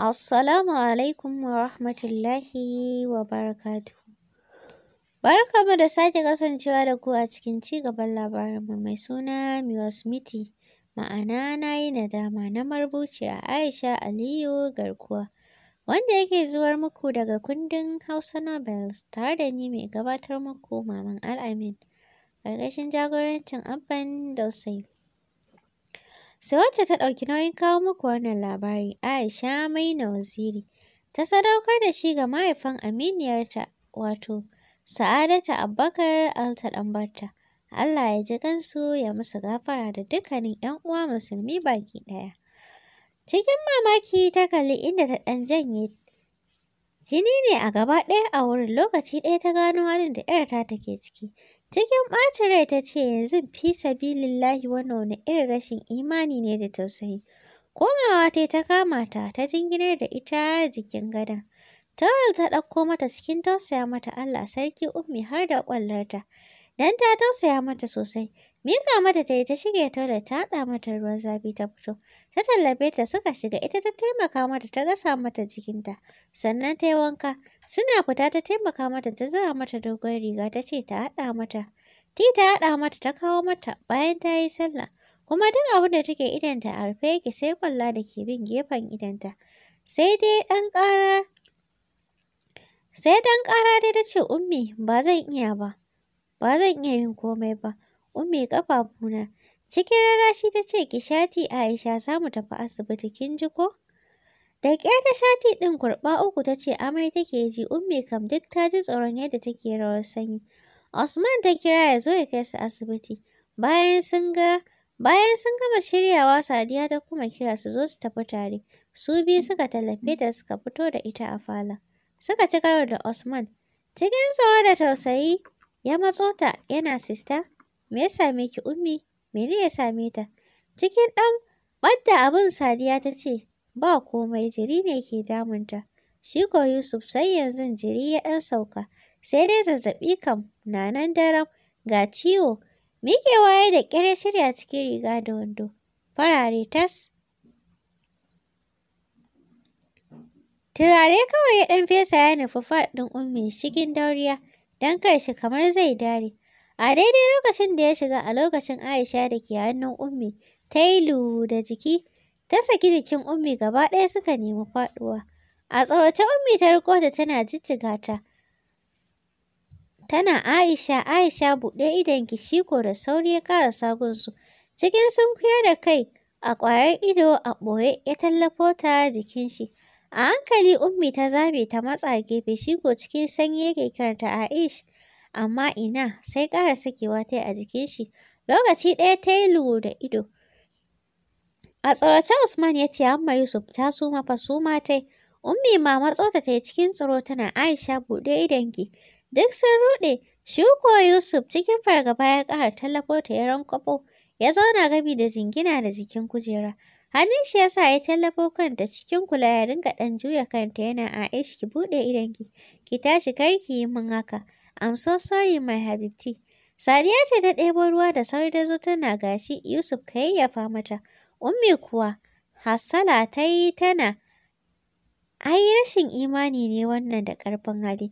Assalamu alaikum wa rahmatullahi wa barakatuhu. ba da sake kasancewa da ku a cikin ci gaban labarinmu mai suna Miwasmiti, ma'ana na yi nadama na marbuci a Aisha Aliyu Garkuwa, wanda yake zuwar muku daga kundin Hausa Nobels tare da ni mai gabatar muku Maman Al'amin, ƙarƙashin jagorancin Abban Dausai. Sai wacce ta ɗauki nauyin kawo muku wannan labari, Aisha Maina Waziri, ta sadaukar da shi ga mahaifin aminiyarta, wato Sa'adatu Abubakar ɗanbarta Allah ya ji kansu ya musu gafara da dukkanin 'yan uwa musulmi baki ɗaya. Cikin mamaki ta kalli inda ta ɗan janye jini ne a gaba ɗaya a wurin lokaci ɗaya ta gano halin da 'yarta take ciki. Cikin ɓacin rai ta ce yanzu fi sabilillahi wannan wani irin rashin imani ne da tausayi. Komawa ta ta kama ta ta jinginar da ita jikin gadon. Tawal ta ɗauko mata cikin tausaya mata Allah sarki ummi har da ƙwallarta. Dan ta tausaya mata sosai. Mika mata ta yi ta shige toilet ta haɗa mata ruwan zafi ta fito. Ta tallabe ta suka shiga ita ta taimaka mata ta gasa mata jikinta. Sannan ta yi wanka. Suna fita ta taimaka mata ta zura mata dogon riga ta ce ta haɗa mata. Ti ta haɗa mata ta kawo mata bayan ta yi sallah. Kuma duk abin da take idanta a rufe yake sai kwalla da ke bin gefen idanta. Sai dai ɗan ƙara Sai ɗan ƙara dai ta ce ummi ba zan iya ba. Ba zan iya yin komai ba. Ummi ƙafafuna. Cikin rarashi ta ce ki shati Aisha za mu tafi asibiti kin ji ko? Da ƙyar ta shati ɗin kurɓa uku ta ce amai take ji ummi kam duk ta ji tsoron yadda take rawar sanyi. Usman ta kira ya zo ya kai su asibiti. Bayan sun ga bayan sun gama shiryawa Sadiya ta kuma kira su zo su tafi tare. Su biyu suka tallafe ta suka fito da ita a fala. Suka ci karo da Usman. Cikin tsoro da tausayi ya matso ta yana sista. Me ya same ki ummi? Mene ya same ta? Cikin ɗan ɓadda abin Sadiya ta ce, ba komai jiri ne ke damunta. Shi ko Yusuf sai yanzu jiri ya ɗan sauka, sai dai zazzaɓi kam na nan daram ga ciwo. ke waye da ƙyar shirya cikin riga da wando, farare tas. Turare kawai ya ɗan fesa ya nufi faɗin ummin cikin dauriya, don karshe kamar zai dare. A daidai lokacin da ya shiga a lokacin Aisha da ke hannun ummi, ta yi da jiki. Ta saki jikin Ummi gaba ɗaya suka nemi faɗuwa. A tsorace Ummi ta riko ta tana jijjiga ta. Tana Aisha, Aisha buɗe idon gishiko da sauri ya ƙara sagunsu. Cikin sunkuya da kai a ƙwayar ido a ɓoye ya tallafo ta jikin shi. A hankali Ummi ta zabe ta matsa gefe shiko cikin sanyi yake kiranta Aish. Amma ina sai ƙara sakewa ta a jikin shi. Lokaci ɗaya ta yi lugu da ido. A tsorace Usman ya ce amma Yusuf ta suma fa suma yi. Ummi ma matsota ta yi cikin tsoro tana Aisha buɗe ki? Duk sun ruɗe, Shuko Yusuf cikin fargaba ya ƙara tallafo ta ya rankwafo, ya zauna gabi da zingina da jikin kujera. Hannun shi ya sa ya tallafo kanta cikin kula ya ringa ɗan juya kanta yana Aisha ki buɗe idanki ki tashi kar ki yi min haka. I'm so sorry my habibti. Sadiya ce ta ɗebo ruwa da sauri da zo tana gashi Yusuf ka yayyafa mata. Ummi kuwa hassala ta yi tana, ai rashin imani ne wannan da ƙarfin hali.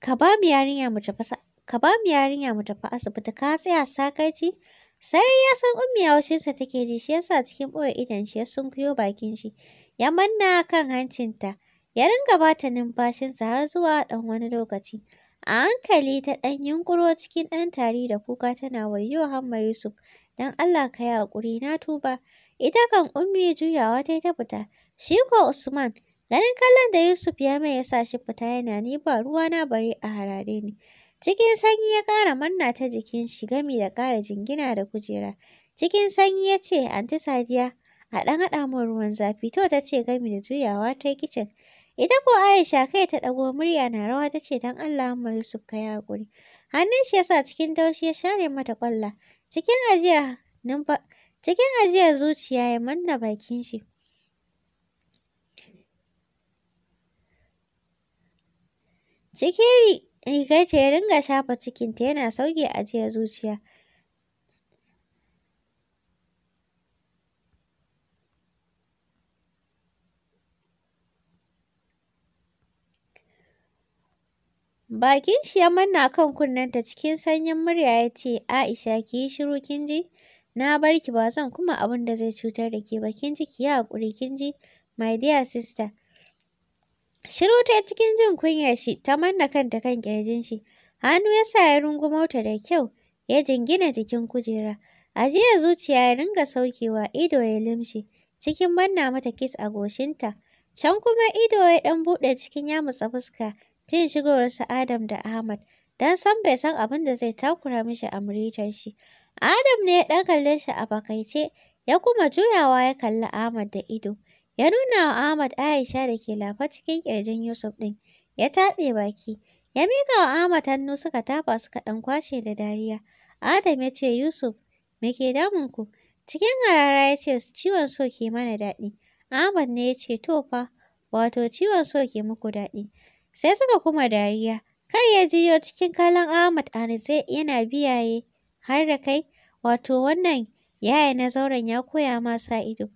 Ka ba mu yarinya mu tafi asibiti ka tsaya sakarci. Sarai ya san ummi haushinsa take ji shi yasa cikin ɓoye idon shi ya sunkuyo bakin shi ya manna kan hancinta ya ringa bata sa har zuwa dan wani lokaci. A hankali ta ɗan yunƙuro cikin ɗan tari da kuka tana wayo Hamma Yusuf dan Allah ka yi haƙuri na tuba. Ita kan ummi juyawa ta ta fita, shi ko Usman, ganin kallon da Yusuf ya mai ya shi fita yana ni ba ruwa na bari a harare ne. Cikin sanyi ya ƙara manna ta jikin shi gami da ƙara jingina da kujera. Cikin sanyi ya ce, Anti Sadiya, a ɗan haɗa min ruwan zafi to ta ce gami da juyawa ta kicin. Ita ko Aisha kai ta ɗago murya na rawa ta ce don Allah ma Yusuf ka yi haƙuri. Hannun shi ya sa cikin taushi ya share mata ƙwalla. Cikin ajiyar cikin ajiya zuciya ya manna bakin shi. Cikin rigarta ya ringa shafa cikinta yana sauke ajiya zuciya. Bakin shi ya manna kan kunnenta cikin sanyin murya ya ce, Aisha ki yi shiru kin ji? Na barki ba zan kuma abin da zai cutar da ke ba kin ji ki haƙuri kin ji? My dear sister. Shiru ta cikin jin kunyar shi ta manna kanta kan ƙirjin shi. Hannu ya sa ya rungumauta da kyau ya jingina jikin kujera. Ajiyar zuciya ya ringa saukewa ido ya limshi cikin manna mata kis a goshinta. Can kuma ido ya ɗan buɗe cikin ya mutsa fuska jin shigowarsu Adam da Ahmad don san bai san abin da zai takura mishi a muritan shi. Adam ne ya ɗan kalle shi a bakaice ya kuma juyawa ya kalli Ahmad da ido. Ya nuna wa Ahmad Aisha da ke lafa cikin ƙirjin Yusuf ɗin ya taɓe baki. Ya mika wa Ahmad hannu suka tafa suka ɗan kwashe da dariya. Adam ya ce Yusuf me ke damun ku? Cikin harara ya ce ciwon so ke mana daɗi. Ahmad ne ya ce to fa wato ciwon so ke muku daɗi. Sai suka kuma dariya. Kai ya jiyo cikin kalan Ahmad Arze yana biyaye har da kai, wato wannan yaya na zauren ya koya masa ido.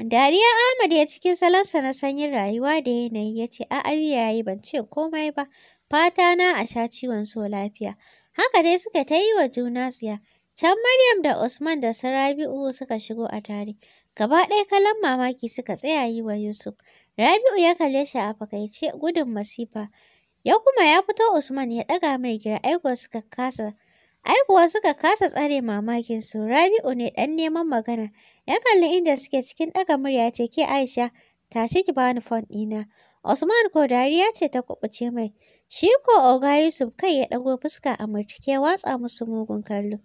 Dariya Ahmad ya cikin salansa na sanyin rayuwa da yanayi ya ce a'a yayi ban ce komai ba, fata na a sha ciwon so lafiya. Haka dai suka ta yi wa juna siya Can Maryam da Usman da Sarabi'u suka shigo a tare. Gaba ɗaya kalan mamaki suka tsaya yi wa Yusuf. Rabi'u ya kalle shi a fakaice gudun masifa. Ya kuma ya fito Usman ya ɗaga mai gira aikuwa suka kasa aikuwa suka kasa tsare mamakin su. Rabi'u ne ɗan neman magana. Ya kalli inda suke cikin ɗaga murya ce ke Aisha tashi ki bani fon ɗina. Usman ko dariya ce ta kuɓuce mai. Shi ko Oga Yusuf kai ya ɗago fuska a murtuke watsa musu mugun kallo.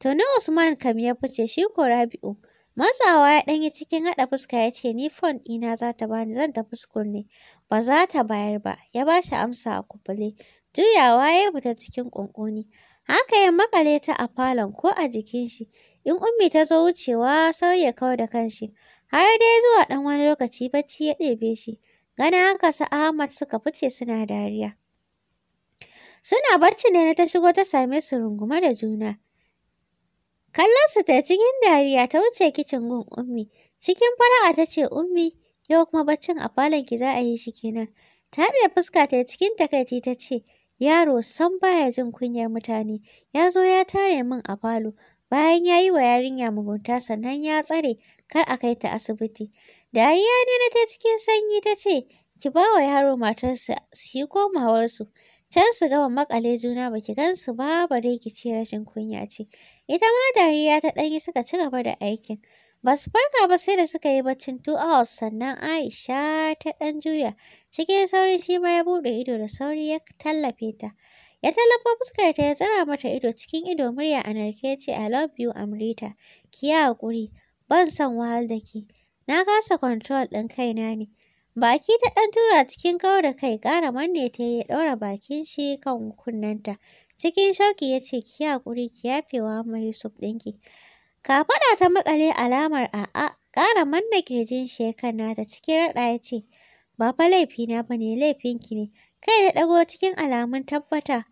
Tuni Usman kam ya fice shi ko Rabi'u. Matsawa ya ɗanyi cikin haɗa fuska ya ce ni fon ɗina za ta bani zan tafi sukul ne. Ba za ta bayar ba, ya ba shi amsa a kubule. Juyawa ya fita cikin ƙunƙuni. Haka ya makale ta a falon ko a jikin shi. In ummi ta zo wucewa sauya ya kawar da kanshi. Har dai zuwa ɗan wani lokaci bacci ya ɗebe shi. Gana haka su Ahmad suka fice suna dariya. Suna bacci ne na ta shigo ta same su rungume da juna. Kallonsa ta cikin dariya ta wuce kicin gun Ummi. Cikin fara'a ta ce Ummi, yau kuma baccin a falon ki za a yi shi kenan. Ta fuska ta cikin takaici ta ce, yaro san baya jin kunyar mutane, ya zo ya tare min a falo. Bayan ya yi wa yarinya mugunta sannan ya tsare kar a kai ta asibiti. Dariya ne na ta cikin sanyi ta ce, ki ba wa yaro matarsa su yi komawarsu. Can su gama makale juna ba ki gan su ba bare ki rashin kunya ce. Ita ma dariya ta ɗanyi suka ci gaba da aikin. Ba su farka ba sai da suka yi baccin two hours sannan Aisha ta ɗan juya. Cikin sauri shi ma ya buɗe ido da sauri ya tallafe ta. Ya tallafa fuskar ta ya tsara mata ido cikin ido murya a narke ya ce I love you Amrita. Ki yi haƙuri, ban son wahal da ki. Na kasa control ɗin kaina ne. Baki ta ɗan tura cikin kawo da kai ƙara manne ta ya ɗaura bakin shi kan kunnenta. Cikin shauki ya ce ki haƙuri ki yafewa ma Yusuf ɗinki. Kafaɗa ta maƙale alamar a'a ƙara manne kirjin shi ya kanna ta cikin raɗa ya ce ba fa laifina ba ne laifinki ne. Kai na ɗago cikin alamun tabbata.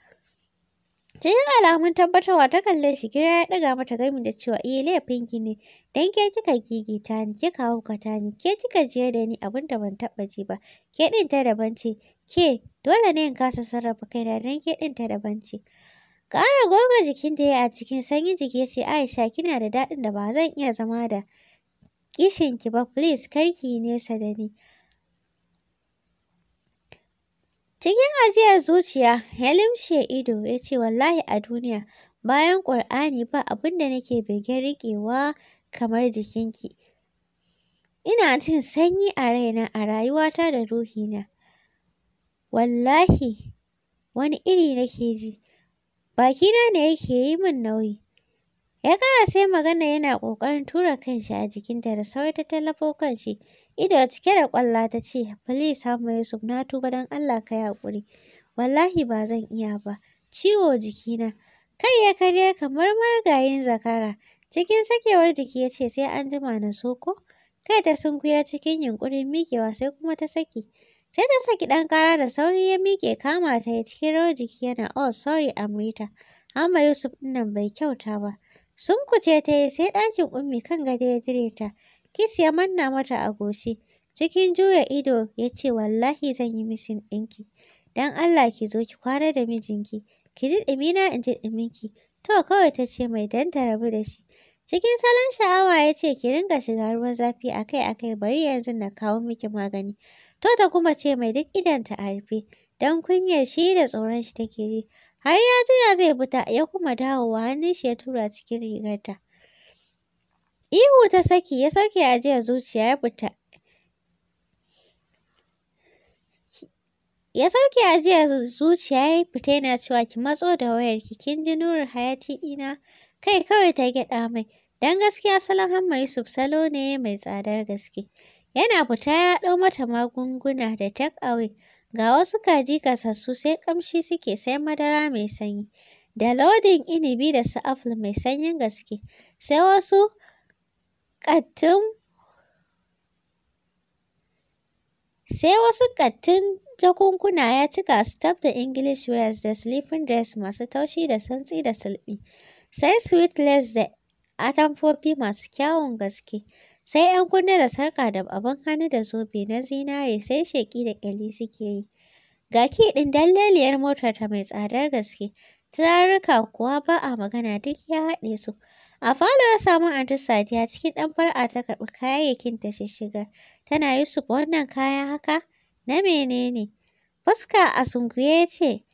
Cikin alamun tabbatarwa ta kalle shi kira ya ɗaga mata gami da cewa iya eh, laifin ne don ke kika gigita ni kika haukata ni ke kika je da ni abin da ban taɓa ji ba ke ɗin ta daban ce ke dole ne in kasa sarrafa kaina don ke ɗin ta daban ce. Ƙara goga jikin da ya a cikin sanyin jiki ya ce Aisha kina da daɗin da ba zan iya zama da kishinki ba please kar karki nesa da ni. Cikin ajiyar zuciya ya limshe ido ya ce wallahi a duniya bayan Ƙur'ani ba abin da nake begen riƙewa kamar jikinki. Ina cin sanyi a raina a rayuwata da ruhina. Wallahi wani iri nake ji, bakina ne yake yi min nauyi. Ya ƙara sai magana yana ƙoƙarin tura kanshi a jikinta da sauri ta tallafo kanshi Ido cike da ƙwalla ta ce, Please Hamma Yusuf na tuba don Allah ka yi Wallahi ba zan iya ba. Ciwo jikina. Kai ya karya kamar margayin zakara. Cikin sakewar jiki ya ce sai an jima na soko. Kai ta sunkuya cikin yunƙurin miƙewa sai kuma ta saki. Sai ta saki ɗan ƙara da sauri ya miƙe kama ta ya cikin rawar jiki yana oh sorry Amrita. Amma Yusuf nan bai kyauta ba. Sun kuce ta yi sai ɗakin ummi kan gado ya jire ta. Kis ya manna mata a goshi. Cikin juya ido ya ce wallahi zan yi misin ɗinki. Don Allah ki zo ki kwana da mijinki. Ki ji ɗimina in ji ɗiminki. To kawai ta ce mai dan ta rabu da shi. Cikin salon sha'awa ya ce ki ringa shiga ruwan zafi akai-akai bari yanzu na kawo miki magani. To ta kuma ce mai duk idanta a rufe. Don kunyar shi da tsoron shi take ji. Har ya juya zai fita ya kuma dawowa hannun shi ya tura cikin rigarta. Ihu ta saki ya sauke a jiya zuciya ya fita. Ya sauke jiya zuciya ya fita yana cewa ki matso da wayarki kin ji nurin hayati ina kai kawai ta gyaɗa mai don gaskiya salon hamma Yusuf salo ne mai tsadar gaske. Yana fita ya ɗau mata magunguna da tek awe ga wasu kaji kasassu sai ƙamshi suke sai madara mai sanyi da lodin inibi da su mai sanyin gaske sai wasu kattun sai wasu kattun jakunkuna ya cika su tab da English wears da sleeping dress masu taushi da santsi da sulbi sai sweatless da atamfofi masu kyawun gaske, sai ‘yan kunne da sarka da abin hannu da zobe na zinare sai sheƙi da ƙyalli suke yi. Ga ki ɗin dallaliyar motar ta mai tsadar gaske, turarruka kuwa ba a magana duk ya haɗe su. A falo ya samu Aunty Sadiya cikin ɗan fara'a ta karɓi kayayyakin ta shishigar. Tana Yusuf wannan kaya haka? Na menene? Fuska a sunkuye ya ce,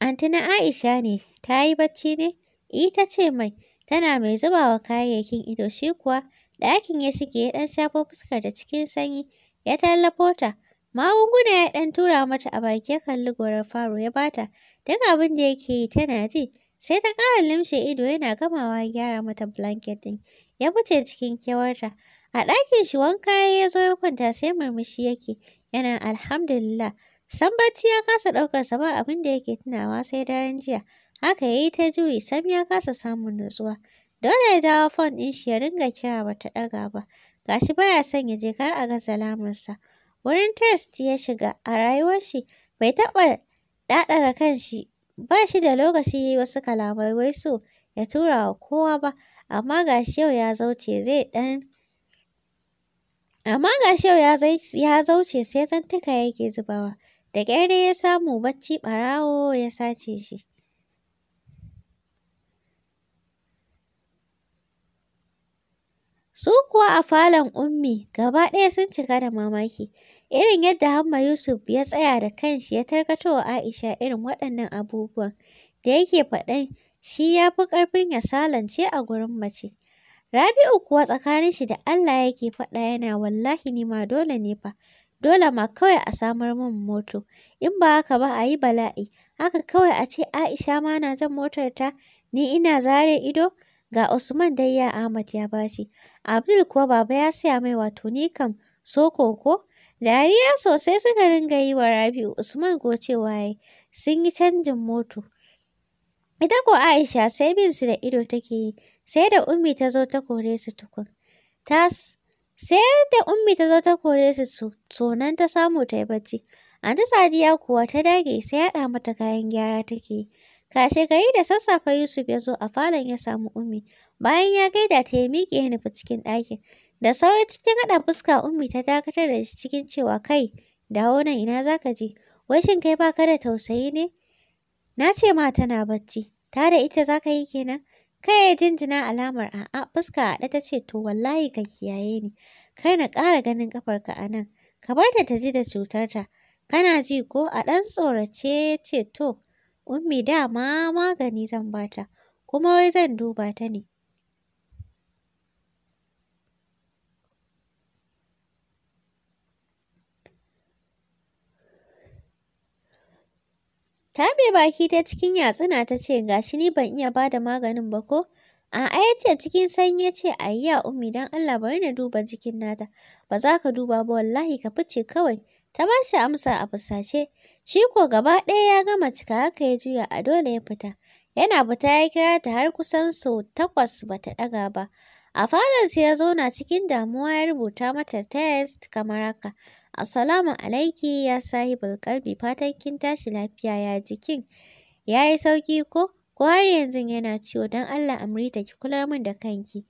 Anti na Aisha ne, ta yi bacci ne? Ita ce mai, tana mai zubawa kayayyakin ido shi kuwa ɗakin ya shige ya ɗan shafo fuskar da cikin sanyi ya tallafo ta. Magunguna ya ɗan tura mata a baki ya kalli gorar faro ya bata. Duk abin da yake yi tana ji. Sai ta ƙara limshe ido yana gamawa gyara mata blanket ɗin. Ya fice cikin kewarta. A ɗakin shi wanka ya zo ya kwanta sai murmushi yake. Yana alhamdulillah. San bacci ya kasa ɗaukar sa ba abin da yake tunawa sai daren jiya. Haka ya yi ta juyi sam ya kasa samun nutsuwa. Dole ya jawo fon ɗin shi ya ringa kira ba ta ɗaga ba. Gashi baya son ya je kar a ga salamarsa. Wurin test ya shiga a rayuwar shi bai taɓa ɗaɗara kan shi. Ba shi da lokaci wasu kalamai wai so ya tura wa kowa ba, amma ga shi yau ya zauce zai ɗan Amma ga shi yau ya zauce sai zantuka yake zubawa, da ƙyar ya samu bacci ɓarawo ya sace shi. Su kuwa a falon Ummi gaba ɗaya sun cika da mamaki, irin yadda Hamma Yusuf ya tsaya da kanshi ya tarkato wa Aisha irin waɗannan abubuwan da yake faɗan shi ya fi ƙarfin ya salance a gurin mace. Rabi'u kuwa tsakanin shi da Allah yake faɗa yana wallahi ni ma dole ne fa, dole ma kawai a samar min moto, in ba haka ba a yi bala'i, haka kawai a ce Aisha ma na jan ta. ni ina zare ido, ga Usman dai ya Ahmad ya baci. Abdul kuwa baba ya saya mai wato ni kam so koko. Dariya sosai suka ringa yi wa Rabi'u Usman gocewa ya sun yi canjin moto. Ita ko Aisha sai bin su da ido take yi, sai da Ummi ta zo ta kore su tukun. Ta sai da Ummi ta zo ta kore su sonan ta samu ta yi bacci. Anta Sadiya kuwa ta dage sai haɗa mata kayan gyara take yi. Kashe gari da sassafe Yusuf ya zo a falon ya samu Ummi. Bayan ya gaida ta ya miƙe ya nufi cikin ɗakin. Da sauri cikin haɗa fuska Ummi ta dakatar da shi cikin cewa kai dawo nan ina za ka je. Wai shin kai baka da tausayi ne? Na ce ma tana bacci. Ta da ita za ka yi kenan? Kai ya jinjina alamar a'a fuska a ta ce to wallahi ka kiyaye ni. Kai na ƙara ganin ƙafarka a nan. Ka bar ta ta ji da ta. Kana ji ko a ɗan tsorace ya ce to. Ummi dama magani zan bata. Kuma wai zan duba ta ne. Ta mai baki ta cikin yatsuna ta ce, gashi ni ban iya bada maganin ba ko? A ayyace cikin sanyi ya ce, ayya ummi don Allah bari na duba jikin nata. Ba za ka duba ba wallahi ka fice kawai. Ta ba shi amsa a fusace. Shi ko gaba ɗaya ya gama cika haka ya juya a dole ya fita. Yana fita ya kira ta har kusan sau takwas ba ta ɗaga ba. A falonsa ya zauna cikin damuwa ya rubuta mata test kamar haka. Assalamu alaiki ya sahibul kalbi fatan kin tashi lafiya ya jikin. Ya sauki ko? Ko har yanzu yana ciwo dan Allah Amrita ki kula min da kanki.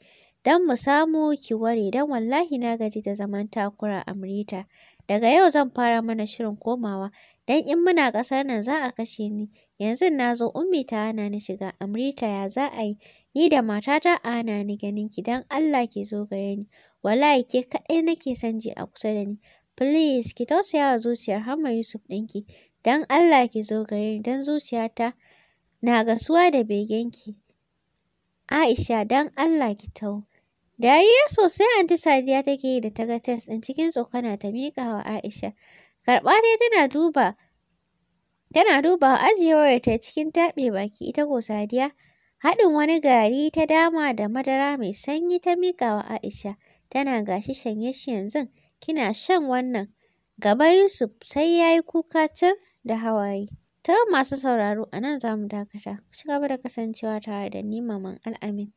dan mu samu ki ware dan wallahi na gaji da zaman takura Amrita. Daga yau zan fara mana shirin komawa dan in muna ƙasar nan za a kashe ni. Yanzu na zo ummi ta hana ni shiga Amrita ya za a yi. Ni da matata a hana ni ganin ki dan Allah ki zo gare ni. Wallahi ke kaɗai nake son a kusa da ni. Please, ki tausaya wa zuciyar Hamma Yusuf ɗinki. Don Allah ki zo gare ni don zuciyata na gasuwa da begenki. Aisha, don Allah ki tau. Dariya sosai Anti Sadiya take yi da ta test ɗin cikin tsokana ta miƙa wa Aisha. Karɓa dai tana duba tana duba ajiyewar ta cikin taɓe baki ita ko Sadiya. Haɗin wani gari ta dama da madara mai sanyi ta miƙa wa Aisha. Tana gashi shanye shi yanzu. kina shan wannan. Gaba Yusuf sai ya yi kuka cir da hawaye. Ta masu sauraro a nan za mu dakata. Ku ci gaba da kasancewa tare da ni Maman Al'amin.